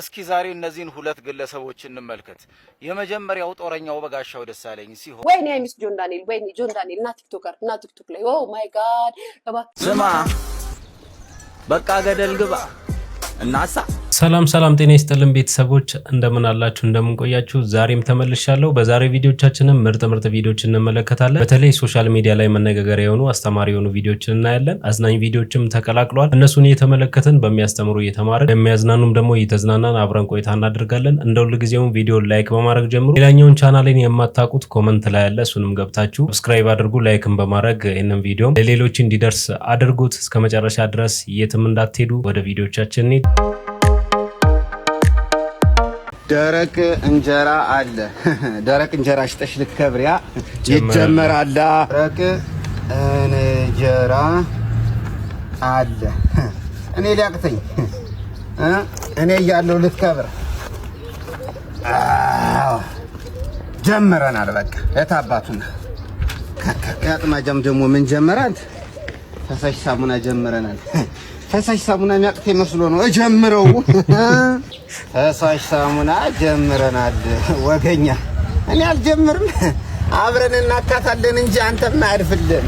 እስኪ ዛሬ እነዚህን ሁለት ግለሰቦች እንመልከት። የመጀመሪያው ጦረኛው በጋሻው ደሳለኝ ሲሆን ወይኔ አይሚስ ጆን ዳንኤል ወይኔ ጆን ዳንኤል እና ቲክቶከር እና ቲክቶክ ላይ ኦ ማይ ጋድ ስማ፣ በቃ ገደል ግባ እናሳ ሰላም ሰላም፣ ጤና ይስጥልን ቤተሰቦች እንደምን አላችሁ? እንደምን ቆያችሁ? ዛሬም ተመልሻለሁ። በዛሬ ቪዲዮቻችንም ምርጥ ምርጥ ቪዲዮችን እንመለከታለን። በተለይ ሶሻል ሚዲያ ላይ መነጋገሪያ የሆኑ አስተማሪ የሆኑ ቪዲዮችን እናያለን። አዝናኝ ቪዲዮችም ተቀላቅሏል። እነሱን እየተመለከትን በሚያስተምሩ እየተማርን የሚያዝናኑም ደግሞ እየተዝናናን አብረን ቆይታ እናደርጋለን። እንደ ሁል ጊዜውም ቪዲዮ ላይክ በማድረግ ጀምሩ። ሌላኛውን ቻናሌን የማታውቁት ኮመንት ላይ ያለ እሱንም ገብታችሁ ሰብስክራይብ አድርጉ። ላይክን በማድረግ ይህንም ቪዲዮም ለሌሎች እንዲደርስ አድርጉት። እስከ መጨረሻ ድረስ የትም እንዳትሄዱ። ወደ ቪዲዮቻችን እንሂድ። ደረቅ እንጀራ አለ። ደረቅ እንጀራ ሽጠሽ ልከብሪያ ይጀመራል። ደረቅ እንጀራ አለ። እኔ ሊያቅተኝ እኔ እያለሁ ልትከብር ጀምረናል። በቃ የታባቱና ያጥማጃም ደግሞ ምን ጀመራል? ፈሳሽ ሳሙና ጀምረናል። ፈሳሽ ሳሙና የሚያቅተ መስሎ ነው። እጀምረው ፈሳሽ ሳሙና ጀምረናል። ወገኛ እኔ አልጀምርም፣ አብረን እናካታለን እንጂ አንተም አያድፍልን።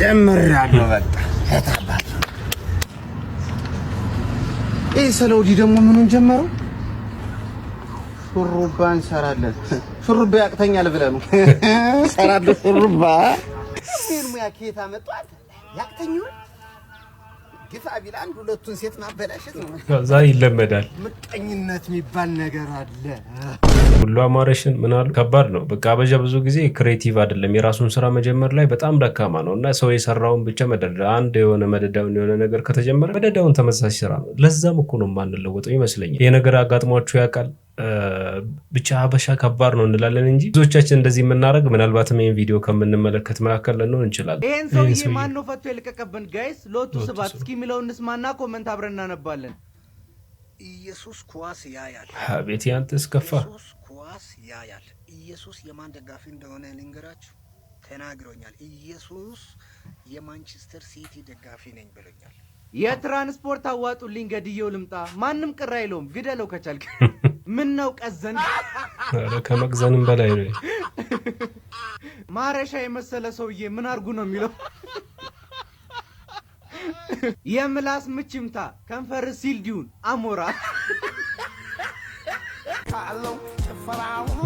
ጀምራለሁ በቃ ታባት። ይህ ሰለውዲ ደግሞ ምኑን ጀመረው? ሹሩባ እንሰራለን። ሹሩባ ያቅተኛል ብለህ ነው እሰራለሁ ሹሩባ። ይሄን ሙያ ከየት አመጣው ያቅተኛል። ግፋ ቢል አንድ ሁለቱን ሴት ማበላሸት ነው። ከዛ ይለመዳል። ምቀኝነት የሚባል ነገር አለ። ሁሉ አማረሽን ምን ከባድ ነው። በቃ አበሻ ብዙ ጊዜ ክሬቲቭ አይደለም። የራሱን ስራ መጀመር ላይ በጣም ደካማ ነው እና ሰው የሰራውን ብቻ መደዳ አንድ የሆነ መደዳውን የሆነ ነገር ከተጀመረ መደዳውን ተመሳሳይ ስራ ነው። ለዛም እኮ ነው የማንለወጠው ይመስለኛል። ይህ ነገር አጋጥሟችሁ ያውቃል? ብቻ ሀበሻ ከባድ ነው እንላለን እንጂ ብዙዎቻችን እንደዚህ የምናደርግ ምናልባትም ይህን ቪዲዮ ከምንመለከት መካከል ልንሆን እንችላለን። ይህን ሰውዬ ነው ፈቶ የለቀቀብን? ጋይስ ሎቱ ስባት እስኪ የሚለው እንስማና ኮመንት አብረን እናነባለን። ኢየሱስ ኳስ ያያል። አቤት ያንተ እስከፋ ኢየሱስ ኳስ ያያል። ኢየሱስ የማን ደጋፊ እንደሆነ ልንገራችሁ ተናግሮኛል። ኢየሱስ የማንቸስተር ሲቲ ደጋፊ ነኝ ብሎኛል። የትራንስፖርት አዋጡልኝ ገድዬው ልምጣ። ማንም ቅር አይለውም፣ ግደለው ከቻልክ ምን ነው ቀዘን? ኧረ ከመቅዘንም በላይ ነው። ማረሻ የመሰለ ሰውዬ ምን አድርጉ ነው የሚለው? የምላስ ምችምታ ከንፈር ሲል ዲሁን አሞራ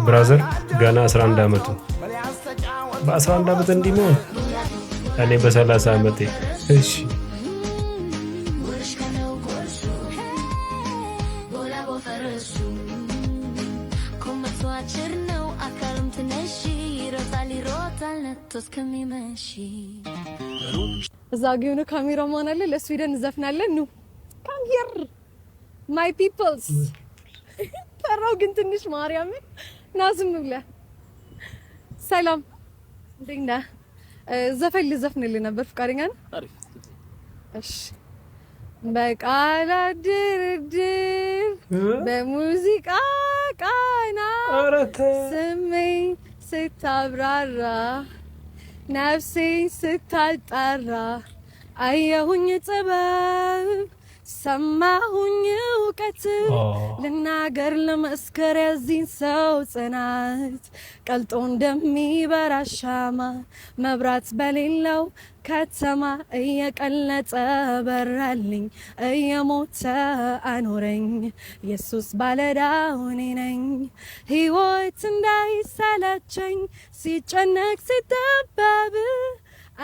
ብራዘር ገና 11 ዓመቱ በ11 ዓመት እንዲህ መሆን እኔ በ30 ዓመቴ እሺ ታዛጊ የሆነ ካሜራማን አለ። ለእሱ ሄደን ኑ ካም ሂር ማይ ፒፕልስ። ፈራው ግን ትንሽ ማርያምን ና ዝም ብለህ ሰላም፣ እንዴት ነህ? ዘፈን ልዘፍንልህ ነበር ፈቃደኛ ነህ? እሺ በቃላት ድርድር በሙዚቃ ቃና ስሜን ስታብራራ ነፍሴ ስታጣራ አየሁኝ ጥበብ ሰማሁኝ እውቀት ልናገር ለመስከር ያዚን ሰው ጽናት ቀልጦ እንደሚበራ ሻማ መብራት በሌለው ከተማ እየቀለጠ በራልኝ እየሞተ አኖረኝ ኢየሱስ ባለዕዳ እኔ ነኝ። ህይወት እንዳይሰለቸኝ ሲጨነቅ ሲጠበብ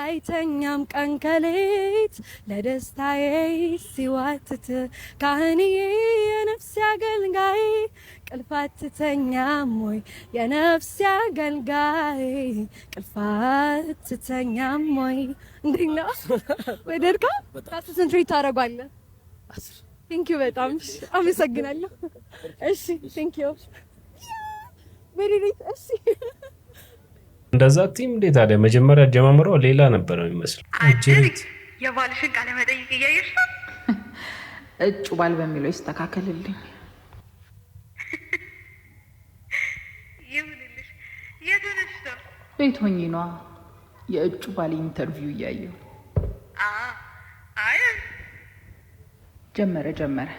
አይተኛም ቀን ከሌት ለደስታዬ ሲዋትት ካህንዬ የነፍሴ አገልጋይ ቅልፋትተኛም ወይ የነፍሴ አገልጋይ ቅልፋትተኛም ወይ እንዴት ነው ወደድካ? ካስንትሬት ታደርጓለህ። ቴንክ ዩ በጣም አመሰግናለሁ። እሺ ቴንክ ዩ። እሺ እንደዛ ቲም እንዴ ታዲያ መጀመሪያ አጀማምሮ ሌላ ነበረ የሚመስለው። የባል ህግ አለመጠየቅ እያየሽ እጩ ባል በሚለው ይስተካከልልኝ። ቤት ሆኜ ነዋ የእጩ ባል ኢንተርቪው እያየው ጀመረ ጀመረ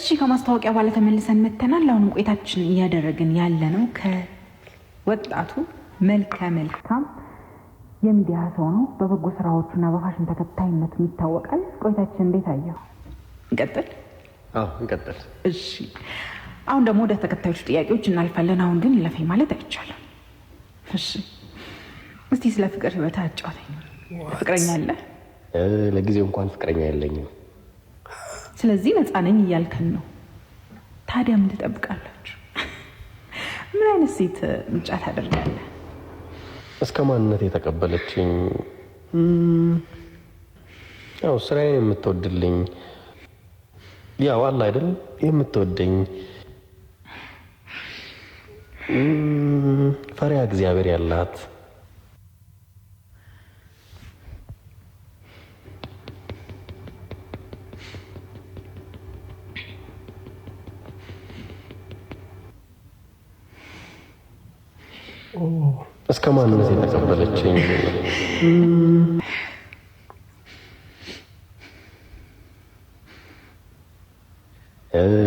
እሺ ከማስታወቂያ በኋላ ተመልሰን መተናል። አሁንም ቆይታችን እያደረግን ያለ ነው ከወጣቱ መልከ መልካም የሚዲያ ሰው ነው። በበጎ ስራዎቹና በፋሽን ተከታይነቱ ይታወቃል። ቆይታችን እንዴት አየው? እንቀጥል። አዎ እንቀጥል። እሺ አሁን ደግሞ ወደ ተከታዮቹ ጥያቄዎች እናልፋለን። አሁን ግን ለፌ ማለት አይቻልም። እሺ እስቲ ስለ ፍቅር ህይወት አጫውተኝ። ፍቅረኛ አለ? ለጊዜው እንኳን ፍቅረኛ የለኝም ስለዚህ ነፃ ነኝ እያልከን ነው። ታዲያ ምን ትጠብቃላችሁ? ምን አይነት ሴት ምርጫ ታደርጋለህ? እስከ ማንነት የተቀበለችኝ ያው ስራዬን የምትወድልኝ ያው አለ አይደል የምትወደኝ ፈሪያ እግዚአብሔር ያላት እስከ ማንነት የተቀበለችኝ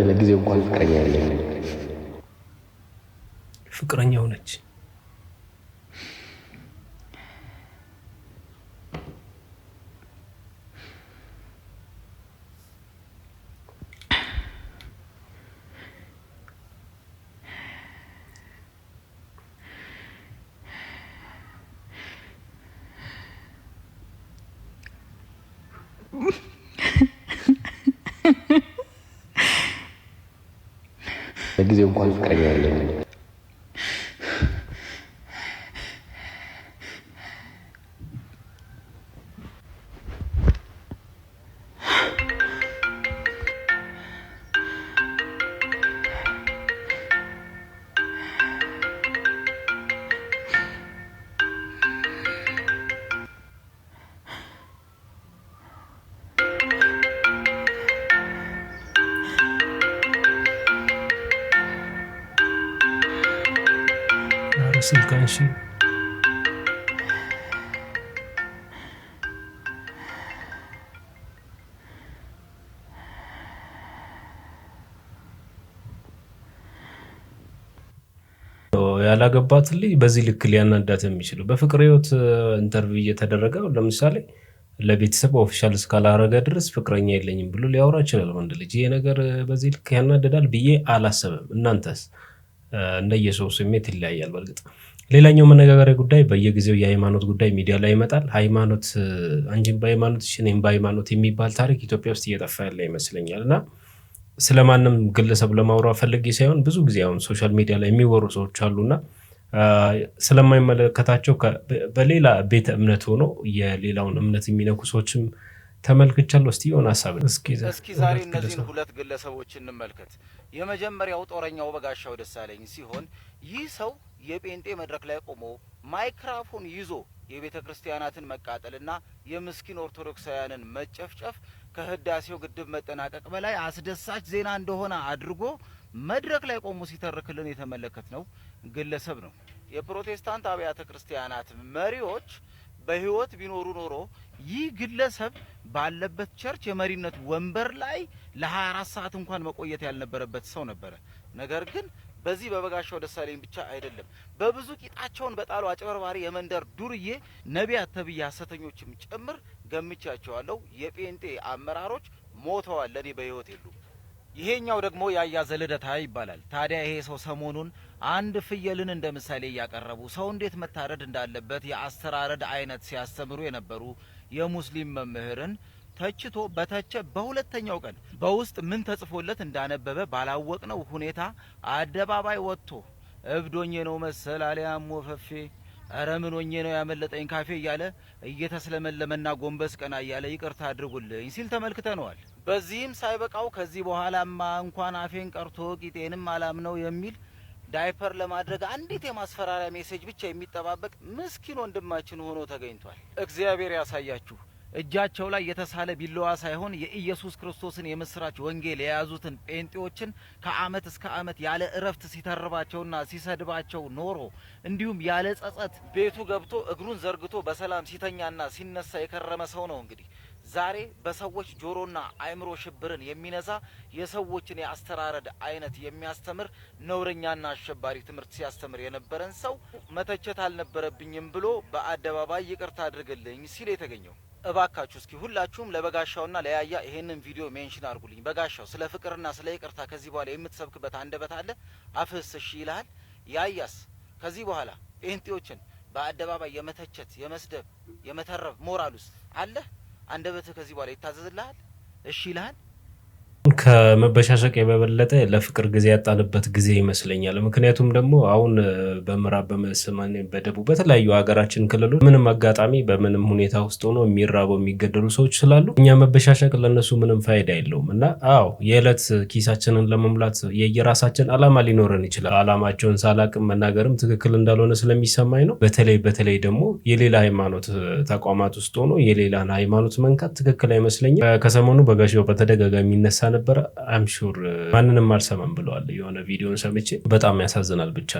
ለጊዜው እንኳን ፍቅረኛ ያለ ፍቅረኛ ሆነች። ለጊዜው እንኳን ፍቅረኛ ያለኝ nasıl ልጅ በዚህ ልክ ሊያናዳት የሚችለው በፍቅር ህይወት ኢንተርቪው እየተደረገ ለምሳሌ ለቤተሰብ ኦፊሻል እስካላረገ ድረስ ፍቅረኛ የለኝም ብሎ ሊያወራ ይችላል ወንድ ልጅ። ይሄ ነገር በዚህ ልክ ያናደዳል ብዬ አላሰብም። እናንተስ? እንደየሰው ስሜት ይለያያል። በእርግጥ ሌላኛው መነጋገሪያ ጉዳይ በየጊዜው የሃይማኖት ጉዳይ ሚዲያ ላይ ይመጣል። ሃይማኖት አንቺን በሃይማኖት እኔም በሃይማኖት የሚባል ታሪክ ኢትዮጵያ ውስጥ እየጠፋ ያለ ይመስለኛል እና ስለማንም ግለሰብ ለማውራት ፈልጌ ሳይሆን ብዙ ጊዜ አሁን ሶሻል ሚዲያ ላይ የሚወሩ ሰዎች አሉና ስለማይመለከታቸው በሌላ ቤተ እምነት ሆኖ የሌላውን እምነት የሚነኩ ሰዎችም ተመልክቻለሁ። እስቲ የሆነ ሀሳብ እስኪ ዛሬ እነዚህን ሁለት ግለሰቦች እንመልከት። የመጀመሪያው ጦረኛው በጋሻው ደሳለኝ ሲሆን ይህ ሰው የጴንጤ መድረክ ላይ ቆሞ ማይክራፎን ይዞ የቤተ ክርስቲያናትን መቃጠልና የምስኪን ኦርቶዶክሳውያንን መጨፍጨፍ ከህዳሴው ግድብ መጠናቀቅ በላይ አስደሳች ዜና እንደሆነ አድርጎ መድረክ ላይ ቆሞ ሲተርክልን የተመለከት ነው ግለሰብ ነው። የፕሮቴስታንት አብያተ ክርስቲያናት መሪዎች በህይወት ቢኖሩ ኖሮ ይህ ግለሰብ ባለበት ቸርች የመሪነት ወንበር ላይ ለ24 ሰዓት እንኳን መቆየት ያልነበረበት ሰው ነበረ። ነገር ግን በዚህ በበጋሻው ደሳለኝ ብቻ አይደለም፣ በብዙ ቂጣቸውን በጣሉ አጭበርባሪ የመንደር ዱርዬ ነቢያት ተብዬ ሐሰተኞችም ጭምር ገምቻቸዋለሁ። የጴንጤ አመራሮች ሞተዋል፣ ለእኔ በሕይወት የሉም። ይሄኛው ደግሞ ያያ ዘልደታ ይባላል። ታዲያ ይሄ ሰው ሰሞኑን አንድ ፍየልን እንደ ምሳሌ እያቀረቡ ሰው እንዴት መታረድ እንዳለበት የአስተራረድ አይነት ሲያስተምሩ የነበሩ የሙስሊም መምህርን ተችቶ በተቸ በሁለተኛው ቀን በውስጥ ምን ተጽፎለት እንዳነበበ ባላወቅነው ሁኔታ አደባባይ ወጥቶ እብዶኜ ነው መሰል አሊያም ወፈፌ እረ ነው ያመለጠኝ ካፌ እያለ እየተስለመለመና ጎንበስ ቀና እያለ ይቅርታ አድርጉልኝ ሲል ተመልክተነዋል። በዚህም ሳይበቃው ከዚህ በኋላማ እንኳን አፌን ቀርቶ ቂጤንም አላምነው የሚል ዳይፐር ለማድረግ አንዲት የማስፈራሪያ ሜሴጅ ብቻ የሚጠባበቅ ምስኪን ወንድማችን ሆኖ ተገኝቷል። እግዚአብሔር ያሳያችሁ። እጃቸው ላይ የተሳለ ቢላዋ ሳይሆን የኢየሱስ ክርስቶስን የምስራች ወንጌል የያዙትን ጴንጤዎችን ከአመት እስከ አመት ያለ እረፍት ሲተርባቸውና ሲሰድባቸው ኖሮ እንዲሁም ያለ ጸጸት ቤቱ ገብቶ እግሩን ዘርግቶ በሰላም ሲተኛና ሲነሳ የከረመ ሰው ነው እንግዲህ ዛሬ በሰዎች ጆሮና አእምሮ ሽብርን የሚነዛ የሰዎችን የአስተራረድ አይነት የሚያስተምር ነውረኛና አሸባሪ ትምህርት ሲያስተምር የነበረን ሰው መተቸት አልነበረብኝም ብሎ በአደባባይ ይቅርታ አድርግልኝ ሲል የተገኘው። እባካችሁ እስኪ ሁላችሁም ለበጋሻውና ለያያ ይሄንን ቪዲዮ ሜንሽን አድርጉልኝ። በጋሻው ስለ ፍቅርና ስለ ይቅርታ ከዚህ በኋላ የምትሰብክበት አንደበት አለ፣ አፍህስ እሺ ይልሃል። ያያስ ከዚህ በኋላ ጴንጤዎችን በአደባባይ የመተቸት የመስደብ የመተረብ ሞራል ውስጥ አለ። አንደበትህ ከዚህ በኋላ ይታዘዝልሃል፣ እሺ ይልሃል። ከመበሻሸቅ የበለጠ ለፍቅር ጊዜ ያጣንበት ጊዜ ይመስለኛል። ምክንያቱም ደግሞ አሁን በምዕራብ በመስማን በደቡብ በተለያዩ ሀገራችን ክልሎች ምንም አጋጣሚ በምንም ሁኔታ ውስጥ ሆኖ የሚራበው የሚገደሉ ሰዎች ስላሉ እኛ መበሻሸቅ ለእነሱ ምንም ፋይዳ የለውም እና አዎ የዕለት ኪሳችንን ለመሙላት የየራሳችን አላማ ሊኖረን ይችላል። አላማቸውን ሳላቅም መናገርም ትክክል እንዳልሆነ ስለሚሰማኝ ነው። በተለይ በተለይ ደግሞ የሌላ ሃይማኖት ተቋማት ውስጥ ሆኖ የሌላን ሃይማኖት መንካት ትክክል አይመስለኝም። ከሰሞኑ በጋሽ በተደጋጋሚ ይነሳ ነበር ነበረ አይም ሹር ማንንም አልሰማም ብለዋል። የሆነ ቪዲዮን ሰምቼ በጣም ያሳዝናል ብቻ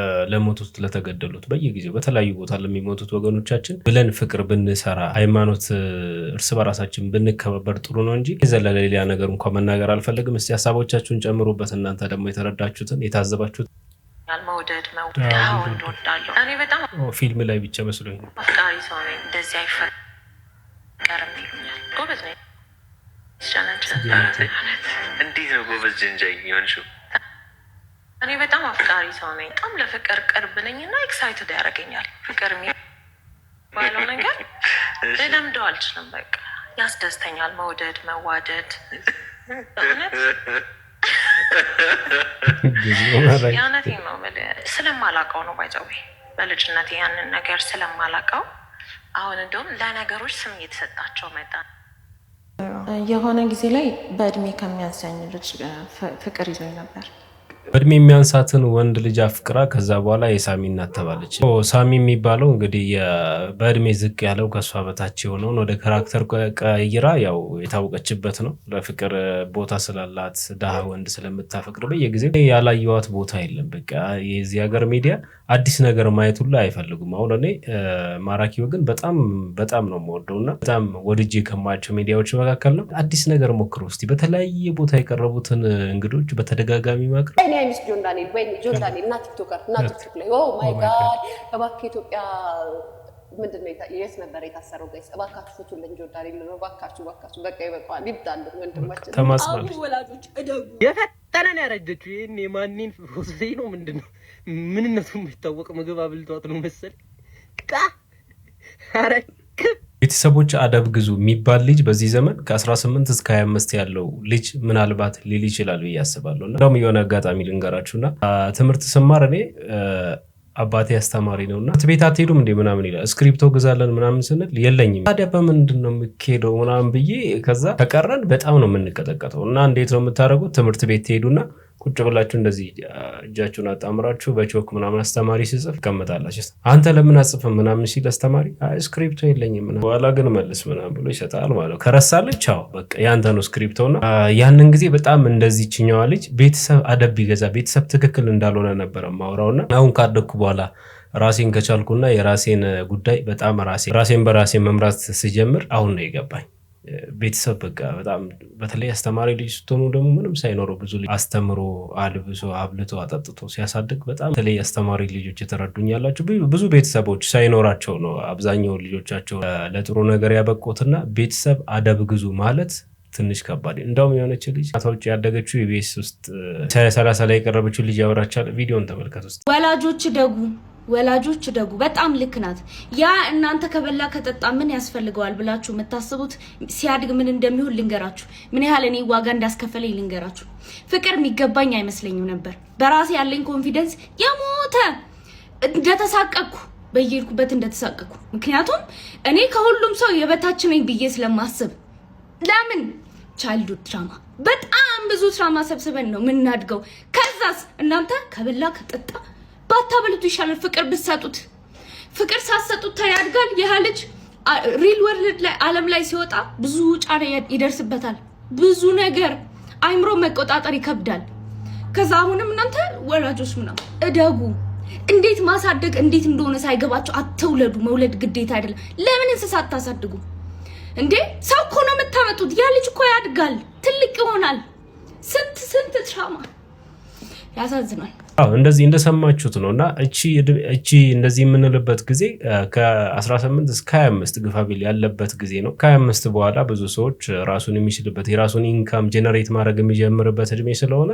uh, ለሞቱት ለተገደሉት፣ በየጊዜው በተለያዩ ቦታ ለሚሞቱት ወገኖቻችን ብለን ፍቅር ብንሰራ ሃይማኖት uh, እርስ በራሳችን ብንከባበር ጥሩ ነው እንጂ የዘለለ ሌላ ነገር እንኳ መናገር አልፈልግም። እስቲ ሀሳቦቻችሁን ጨምሩበት። እናንተ ደግሞ የተረዳችሁትን የታዘባችሁት መውደድ መውደድ እኔ በጣም ፊልም ላይ ብቻ መስሎኝ ነው። አፍቃሪ ሰው እንደዚህ አይፈቀርም ይሉኛል። ጎበዝ ነኝ እንዴት ነው ጎበዝ ጀንጃይ የሆንሽው? እኔ በጣም አፍቃሪ ሰው ነኝ። በጣም ለፍቅር ቅርብ ነኝ እና ኤክሳይትድ ያደርገኛል ፍቅር የሚባለው ነገር ልለምደው አልችልም። በቃ ያስደስተኛል መውደድ፣ መዋደድ እውነት የእውነት ነው ስለማላውቀው ነው ባይዘዌ በልጅነት ያንን ነገር ስለማላውቀው አሁን እንደውም ለነገሮች ስም እየተሰጣቸው መጣ የሆነ ጊዜ ላይ በእድሜ ከሚያንሰኝ ልጅ ፍቅር ይዞኝ ነበር። በእድሜ የሚያንሳትን ወንድ ልጅ አፍቅራ ከዛ በኋላ የሳሚ እናት ተባለች። ሳሚ የሚባለው እንግዲህ በእድሜ ዝቅ ያለው ከእሷ በታች የሆነውን ወደ ካራክተር ቀይራ ያው የታወቀችበት ነው። ለፍቅር ቦታ ስላላት ድሃ ወንድ ስለምታፈቅር በየጊዜው ያላየዋት ቦታ የለም። በቃ የዚህ ሀገር ሚዲያ አዲስ ነገር ማየት ሁላ አይፈልጉም። አሁን እኔ ማራኪ ወግን በጣም በጣም ነው የምወደው እና በጣም ወድጄ ከማያቸው ሚዲያዎች መካከል ነው። አዲስ ነገር ሞክሮ እስኪ በተለያየ ቦታ የቀረቡትን እንግዶች በተደጋጋሚ ማቅረብ ሪሊ አይ ሚስ ጆን ዳንኤል ወይ ጆን ዳንኤል እና ቲክቶከር እና ቲክቶክ ላይ ኦ ማይ ጋድ እባክህ ኢትዮጵያ ምንድን ነው የት ነበር የታሰረው? ጋይስ እባካችሁ ፍቱልኝ፣ ጆን ዳንኤል ነው እባካችሁ፣ እባካችሁ በቃ ይበቃዋል፣ ይብጣል ወንድማችን። ተማጽናለች ወላጆች እደጉ። የፈጠነን ያረጀችው ይህን የማንን ወስደኝ ነው ምንድን ነው ምንነቱ የሚታወቅ ምግብ አብልቷት ነው መሰል ቃ አረክብ ቤተሰቦች አደብ ግዙ የሚባል ልጅ በዚህ ዘመን ከ18 እስከ 25 ያለው ልጅ ምናልባት ሊል ይችላል ብዬ አስባለሁ። እና እንደውም የሆነ አጋጣሚ ልንገራችሁና ትምህርት ስማር እኔ አባቴ አስተማሪ ነው እና ቤት አትሄዱም እንዴ ምናምን ይላል። እስክሪፕቶ ግዛለን ምናምን ስንል የለኝም። ታዲያ በምንድን ነው የምትሄደው ምናምን ብዬ ከዛ ተቀረን በጣም ነው የምንቀጠቀጠው። እና እንዴት ነው የምታደርጉት? ትምህርት ቤት ትሄዱና ቁጭ ብላችሁ እንደዚህ እጃችሁን አጣምራችሁ በቾክ ምናምን አስተማሪ ሲጽፍ ይቀመጣላችሁ። አንተ ለምን አጽፍም ምናምን ሲል አስተማሪ ስክሪፕቶ የለኝም ምናምን፣ በኋላ ግን መልስ ምናምን ብሎ ይሰጣል ማለት ከረሳለች። አዎ በቃ ያንተ ነው ስክሪፕቶና ያንን ጊዜ በጣም እንደዚህ ችኛዋ ልጅ ቤተሰብ አደብ ይገዛ ቤተሰብ ትክክል እንዳልሆነ ነበረ ማውራውና አሁን ካደግኩ በኋላ ራሴን ከቻልኩና የራሴን ጉዳይ በጣም ራሴን በራሴ መምራት ስጀምር አሁን ነው የገባኝ። ቤተሰብ በቃ በጣም በተለይ አስተማሪ ልጅ ስትሆኑ ደግሞ ምንም ሳይኖረው ብዙ ልጅ አስተምሮ አልብሶ አብልቶ አጠጥቶ ሲያሳድግ በጣም በተለይ አስተማሪ ልጆች የተረዱኝ ያላቸው ብዙ ቤተሰቦች ሳይኖራቸው ነው አብዛኛው ልጆቻቸው ለጥሩ ነገር ያበቁትና ቤተሰብ አደብ ግዙ ማለት ትንሽ ከባድ እንደውም የሆነች ልጅ ታውጭ ያደገችው የቤስ ውስጥ ሰላሳ ላይ የቀረበችው ልጅ ያወራቻል። ቪዲዮን ተመልከት ውስጥ ወላጆች ደጉ ወላጆች ደጉ በጣም ልክ ናት። ያ እናንተ ከበላ ከጠጣ ምን ያስፈልገዋል ብላችሁ የምታስቡት ሲያድግ ምን እንደሚሆን ልንገራችሁ። ምን ያህል እኔ ዋጋ እንዳስከፈለኝ ልንገራችሁ። ፍቅር የሚገባኝ አይመስለኝም ነበር። በራሴ ያለኝ ኮንፊደንስ የሞተ እንደተሳቀቅኩ በየሄድኩበት እንደተሳቀቅኩ፣ ምክንያቱም እኔ ከሁሉም ሰው የበታች ነኝ ብዬ ስለማስብ። ለምን ቻይልዱድ ድራማ በጣም ብዙ ድራማ ሰብስበን ነው የምናድገው። ከዛስ እናንተ ከበላ ከጠጣ ባታበሉት ይሻላል። ፍቅር ብትሰጡት ፍቅር ሳትሰጡት ተያድጋል። ይህ ልጅ ሪል ወርልድ ላይ አለም ላይ ሲወጣ ብዙ ጫና ይደርስበታል። ብዙ ነገር አይምሮ መቆጣጠር ይከብዳል። ከዛ አሁንም እናንተ ወላጆች ምናምን እደጉ። እንዴት ማሳደግ እንዴት እንደሆነ ሳይገባቸው አትውለዱ። መውለድ ግዴታ አይደለም። ለምን እንስሳ አታሳድጉ እንዴ? ሰው እኮ ነው የምታመጡት። ያ ልጅ እኮ ያድጋል፣ ትልቅ ይሆናል። ስንት ስንት ትራማ ያሳዝናል። አዎ እንደዚህ እንደሰማችሁት ነው። እና እቺ እንደዚህ የምንልበት ጊዜ ከ18 እስከ 25 ግፋቢል ያለበት ጊዜ ነው። ከ25 በኋላ ብዙ ሰዎች ራሱን የሚችልበት የራሱን ኢንካም ጀነሬት ማድረግ የሚጀምርበት እድሜ ስለሆነ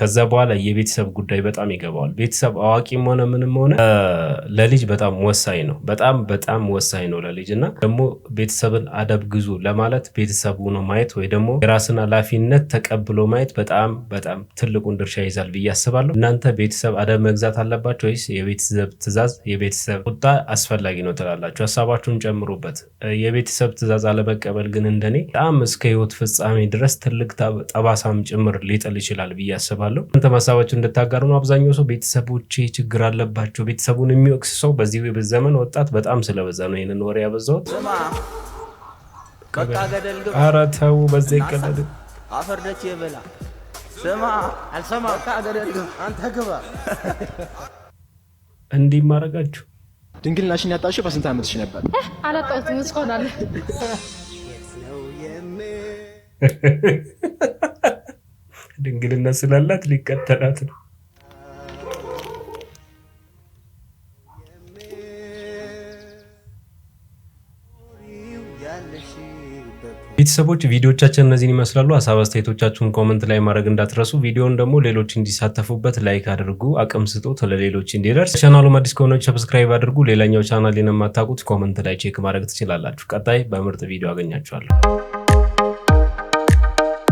ከዛ በኋላ የቤተሰብ ጉዳይ በጣም ይገባዋል። ቤተሰብ አዋቂም ሆነ ምንም ሆነ ለልጅ በጣም ወሳኝ ነው። በጣም በጣም ወሳኝ ነው ለልጅ እና ደግሞ ቤተሰብን አደብ ግዙ ለማለት ቤተሰብ ሆኖ ማየት ወይ ደግሞ የራስን ኃላፊነት ተቀብሎ ማየት በጣም በጣም ትልቁን ድርሻ ይዛል ብዬ አስባለሁ። እናንተ ቤተሰብ አደብ መግዛት አለባቸው ወይስ የቤተሰብ ትእዛዝ የቤተሰብ ቁጣ አስፈላጊ ነው ትላላችሁ? ሀሳባችሁን ጨምሩበት። የቤተሰብ ትእዛዝ አለመቀበል ግን እንደኔ በጣም እስከ ህይወት ፍጻሜ ድረስ ትልቅ ጠባሳም ጭምር ሊጥል ይችላል ብዬ አስባለሁ። እናንተም ሀሳባችሁን እንድታጋሩ ነው። አብዛኛው ሰው ቤተሰቦች ችግር አለባቸው ቤተሰቡን የሚወቅስ ሰው በዚህ ዘመን ወጣት በጣም ስለበዛ ነው ይህንን ወሬ ያበዛሁት። ኧረ ተው በዛ ይቀለድ አፈርደች የበላ ስማ አልሰማ አንተ ግባ። እንዲህ ማረጋችሁ። ድንግል ናሽን ያጣሽው በስንት ዓመትሽ ነበር? አላጣሁትም እስሆናለ ድንግልነት ስላላት ሊቀጠላት ነው። ቤተሰቦች ቪዲዮቻችን እነዚህን ይመስላሉ። ሀሳብ አስተያየቶቻችሁን ኮመንት ላይ ማድረግ እንዳትረሱ። ቪዲዮን ደግሞ ሌሎች እንዲሳተፉበት ላይክ አድርጉ። አቅም ስጡት ለሌሎች እንዲደርስ። ቻናሉም አዲስ ከሆነች ሰብስክራይብ አድርጉ። ሌላኛው ቻናል የማታውቁት ኮመንት ላይ ቼክ ማድረግ ትችላላችሁ። ቀጣይ በምርጥ ቪዲዮ አገኛችኋለሁ።